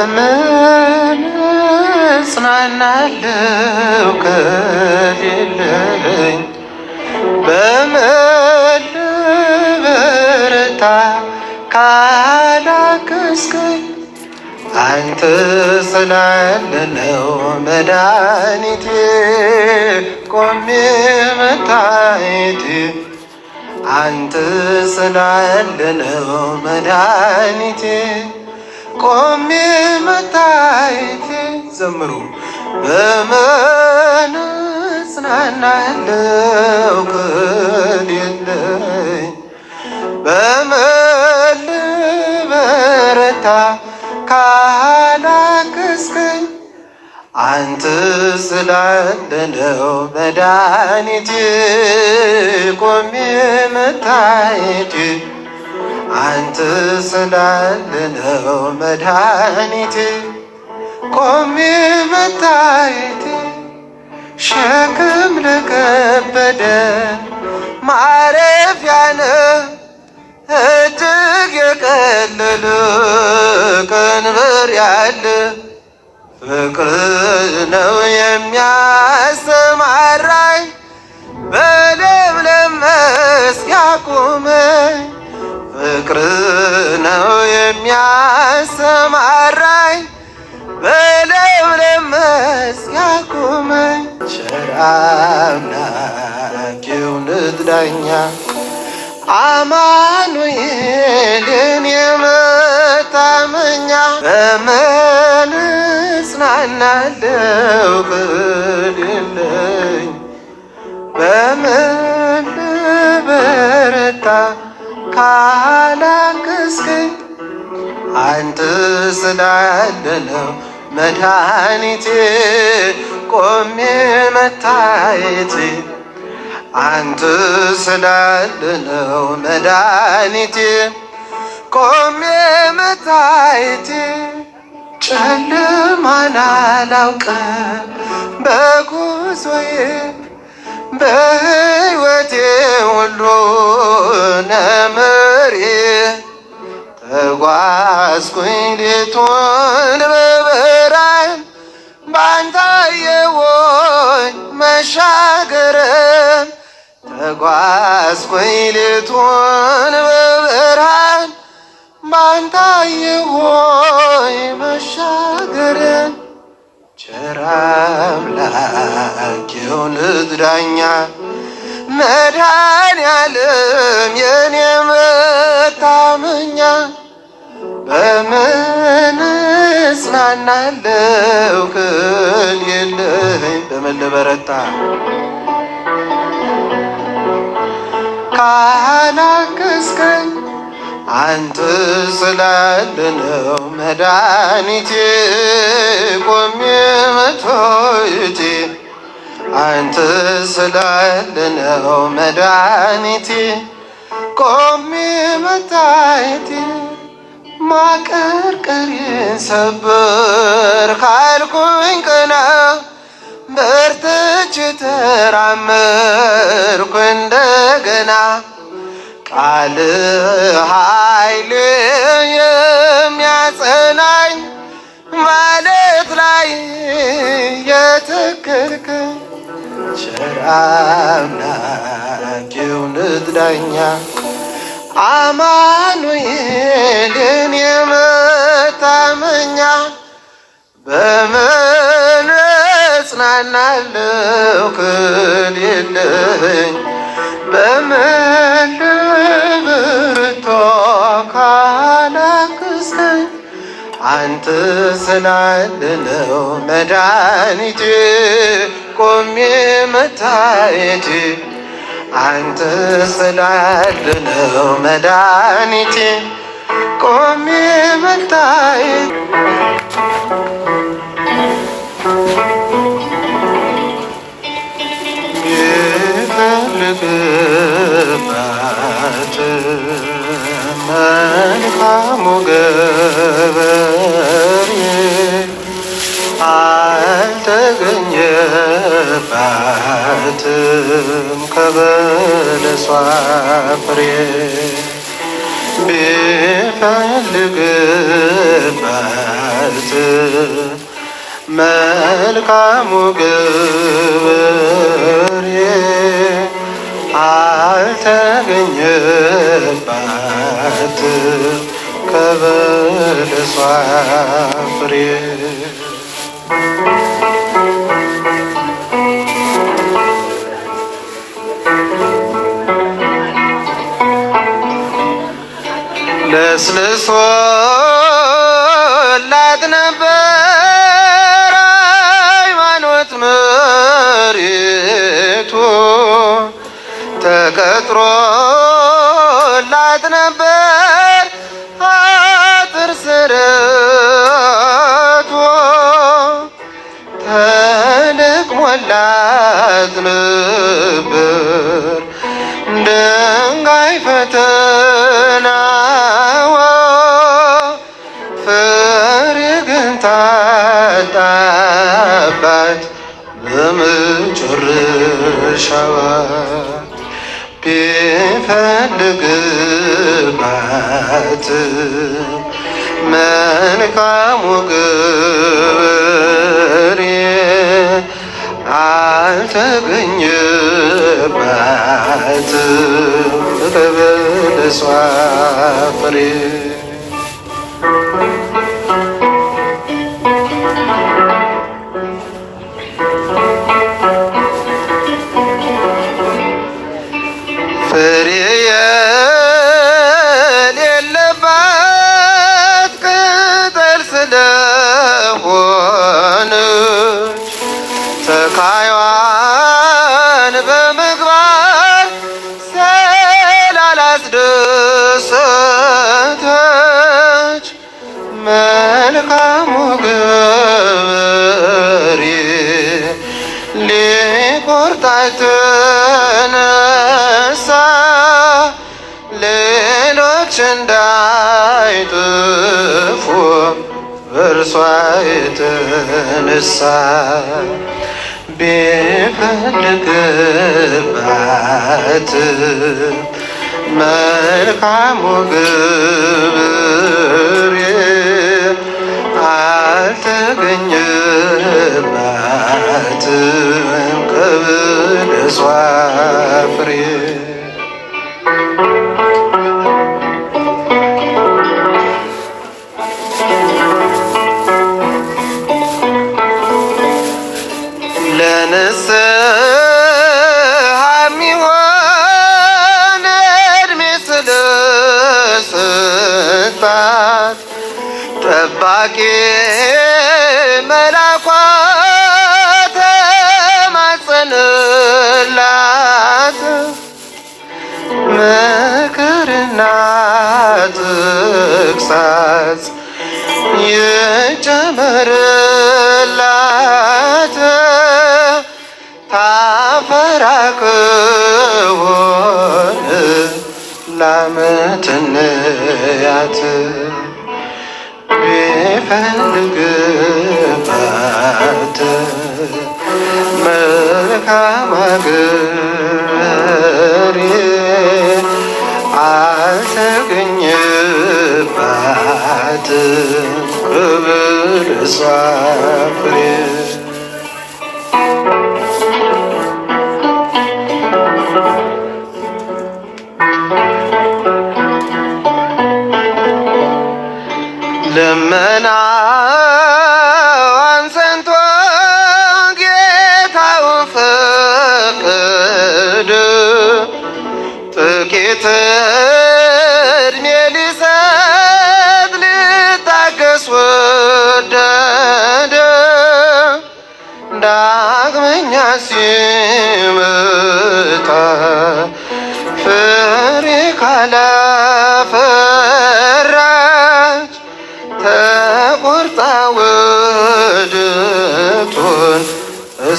በምን እጽናናለሁ ከሌለኝ? በምን ልበረታ ካላገዝከኝ? አንተ ስላለ ነው መድኃኒቴ ቆሜ መታየቴ አንተ ስላለ ነው መድኃኒቴ ቆሜ መታየቴ ዘምሩ በምን እጽናናለሁ? ቀን የለኝ በምን ልበረታ? ካላክስከኝ አንተ ስላለ መድኃኒቴ ቆሜ መታየቴ አንተ ነው መድኃኒቴ ቆሜ መታየቴ ሸክም ለከበደ ያነ እጅግ የቀለለ ቀንበር ያለ ፍቅር ነው የሚያሰማራኝ በለምለም መስክ ያቆመኝ ያቆመኝ ቸር አምላኬው ንዳኛ አማኑኤልን የመታመኛ በምን እጽናናለሁ በሌለኝ በምን ልበረታ ካላገዝከኝ አንተ ስላለህ ነው መድኃኒቴ ቆሜ መታየቴ አንተ ነው መድኃኒቴ ቆሜ መታየቴ ጨለማን አላውቅም በጉዞዬ በሕይወቴ ሁሉ ነምሬ ተጓዝኩኝ ሌቱን በብርሃን ባንተ አየሁኝ መሻገርን ተጓዝኩኝ ሌቱን በብርሃን ባንተ አየሁኝ መሻገርን ቸር አምላኬ መድኃኔዓለም የኔ በምን እጽናናለሁ? ክል የለኝ በምን ልበረታ? ካላገዝከኝ አንተ ስላለ ነው መድኃኒቴ፣ ቆሜ መቶቴ አንተ ስላለ ነው መድኃኒቴ፣ ቆሜ መታየቴ ማቀርቀሬን ሰበር ካልኩኝ ቀና በርትቼ ተራመርኩ እንደገና ቃል ኃይል የሚያጸናኝ ማለት ላይ የተከልከኝ ቸር አምላኬው ንዳኛ አማኑኤልን የመታመኛ በምን እጽናናለሁ ክል የለኝ በምን ብርቶ ካላክስተኝ አንተ ስላለ ነው መድኃኒቴ ቆሜ መታየቴ አንተ ስላለነው መድኃኒቴ ቆሜ መታይ የፈልግባት መልካሙ ገበ አልተገኘባትም ከበለሷ ፍሬ ቢፈልግባት መልካሙ ግብር አልተገኘባት ከበለሷ ፍሬ ለስልሶላት ነበር ሃይማኖት መሪቱ ተቀጥሮላት ነበር አጥር ስረቱ ተልቅ ሞላት ይሸዋል ቢፈልግ ማት መልካሙ ግብሬ አልተገኘባት በበለሷ ፍሬ በእርሷ የተነሳ ቢፈልግባት መልካሙ ግብር አልተገኘባት ከብደሷ ፍሬ ጠባቂ መላኳ ተማጸንላት ምክርና ትግሳጽ ይጨመርላት ታፈራ ክውን ላመትንያት ፈልግባት መልካም አገሬ አልተገኘባት ብብልሷ ፍሬ ልመናዋን ሰምቶ ጌታውን ፈቀደ። ጥቂት ዕድሜ ሊሰጥ ሊታገስ ወደደ። ዳግመኛ ሲመጣ ፍሬ ካላ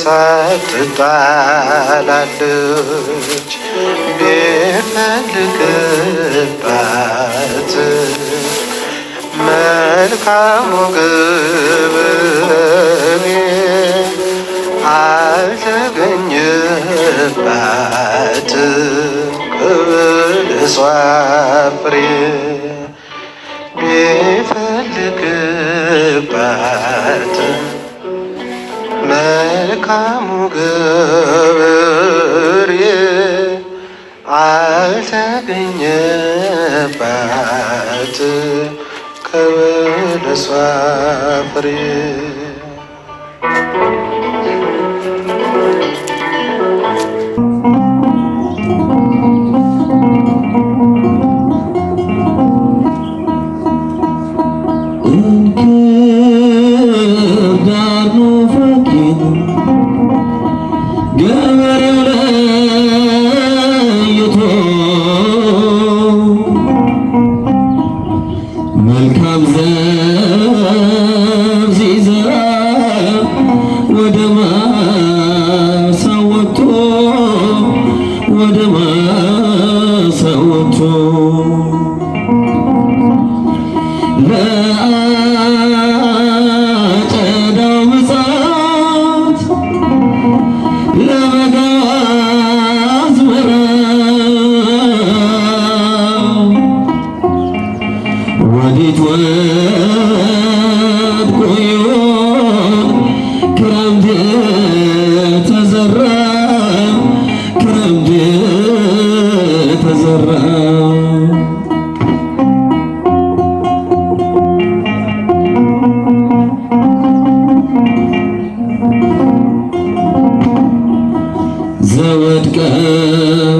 ፀጥ ትላለች ቢፈልግባት መልካሙ ግብሬ አልተገኘባት ብልሷ ፍሬ ቢፈልግባት መልካሙ ግብር አልተገኘባት ከበለሷ ፍሬ quanto ወድቀን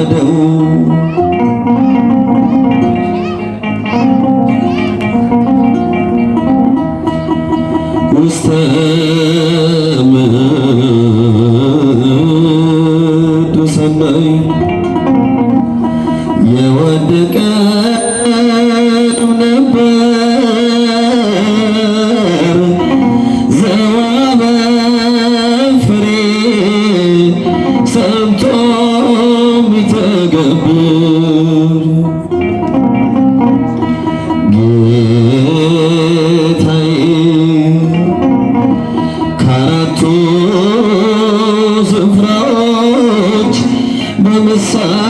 amado الصلاة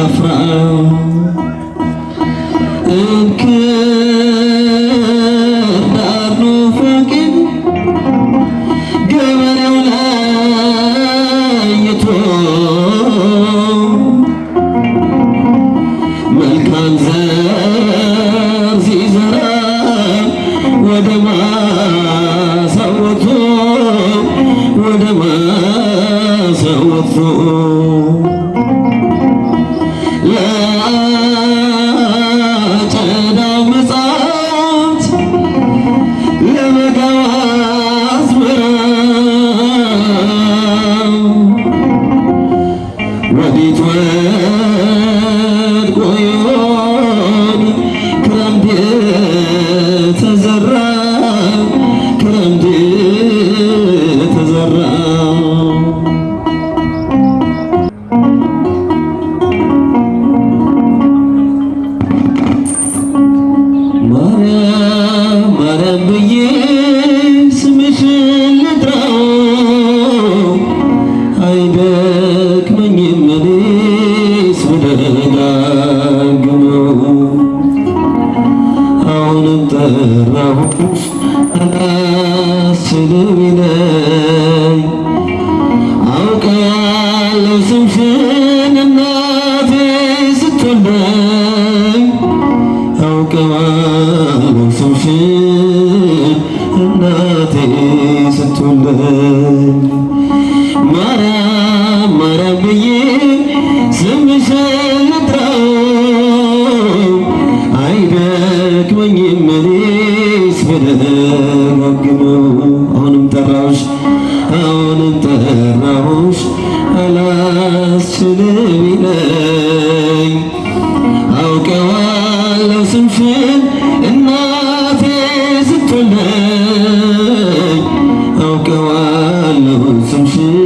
Apa وبتواد I'm Hallelujah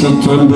ስትሆን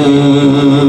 Amen.